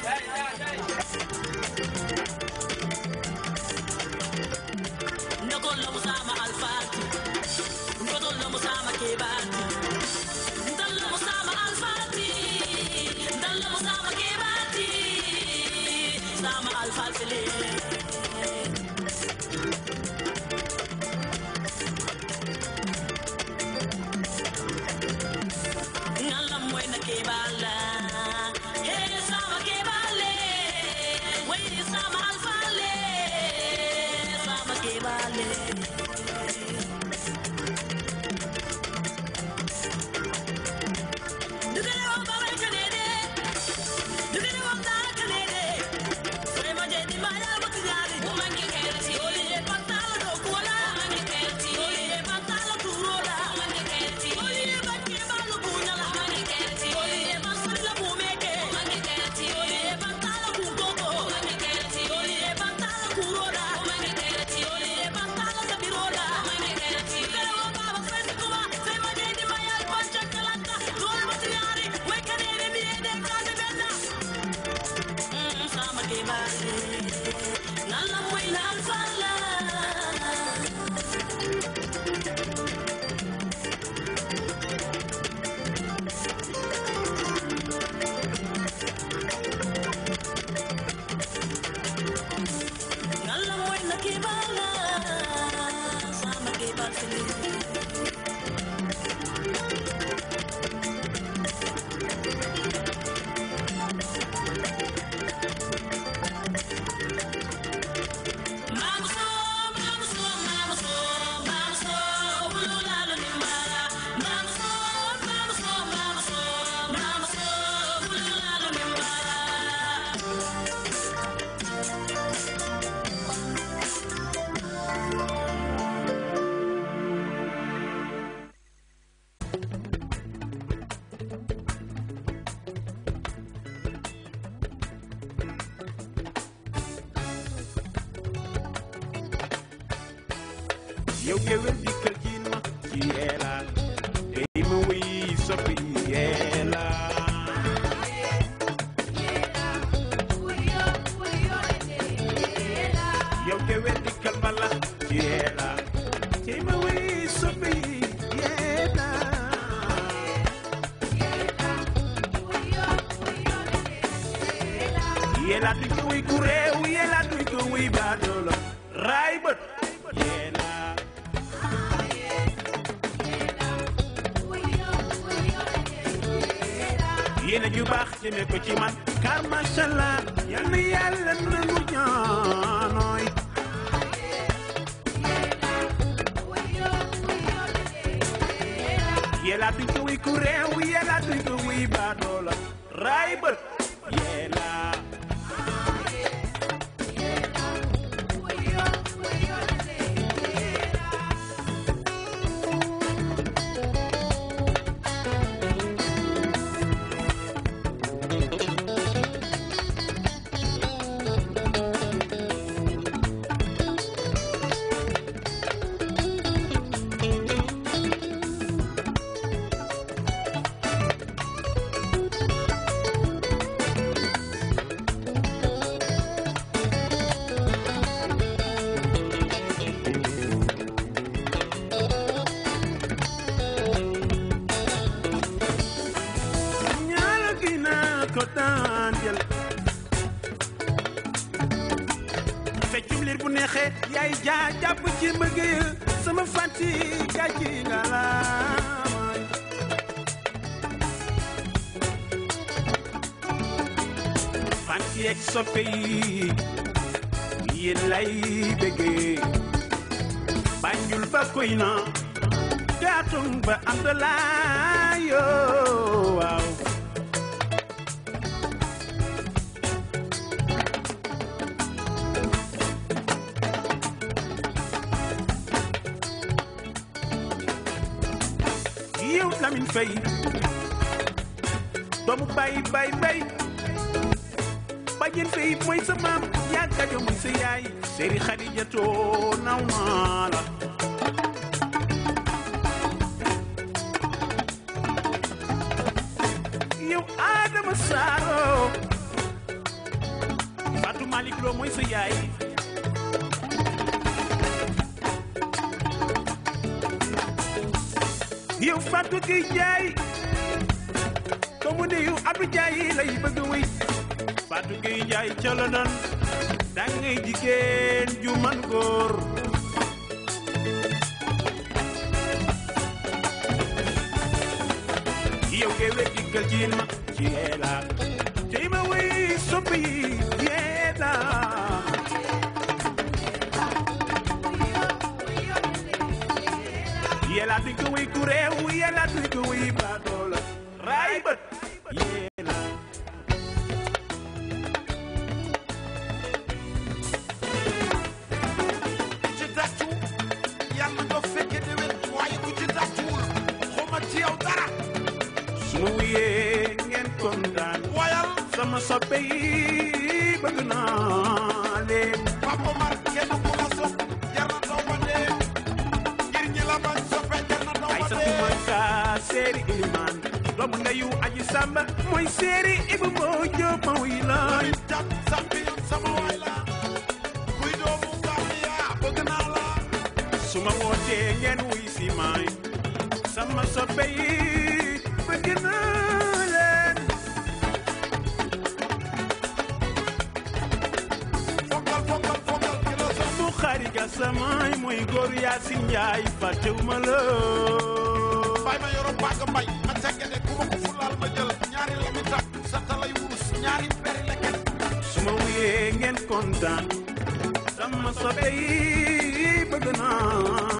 Ndogon lo musama alfati Ndogon lo musama kebati yau yau bi kalgin ma é? yéen a ju baax jëmee ko ci man car macha allah yal na yàlla nangu ñaanooy yéen a bi jowi ku réew naan jël feccum bu neexee yaay jaa jàpp ci mbëggeel sama fàtti gàcci nga laamaay fàtti ak soppe yi yéen lay bëggee bànjul ba koy na gaatum ba am fay doomu bàyyi bàyyi mbay bàjjen fay mooy sa maam yaa gajo mooy sa yaay séeri xadijatoo naw naa la Adama Saaro Fatou Malick Lo mooy sa yaay yow Fatou Gueye comme ni yow Abdou lay bëgg wuy Fatou Gueye Ndiaye ca la nan da jigéen ju man góor yow géwél dikkal jiin ma jeela tey ma wuy soppi yeeda di u wuy kuréewu yàlla di ko wuy baatoola raay bët yéena ku ci tàccu yàlla na ko fekke déwén waaye ku ci tàccuwul xoma ci dara su ma wuyee wayal sama soppe yi bëgg naa leen Pape Omar kenn Tuuba seeri ilimaan doomu ndeyu aji sàmba mooy seeri ibu moo ma wuy looy jàpp sàmbi sama waay la kuy doomu Gambia bëgg naa su ma wootee ngeen wuy si maay sama soppe bëgg naa fokkal fokkal fokkal kilo sa mu xariga samaay mooy góor yaa si njaay fàttewuma la bay ma yoro pàgg mbay ma teggede ku ma ko fulaal ma jël ñaari lami tàkk sa talay wurus ñaari peri leket su ma wuyee ngeen kontaan sama sobe yi bëgg naa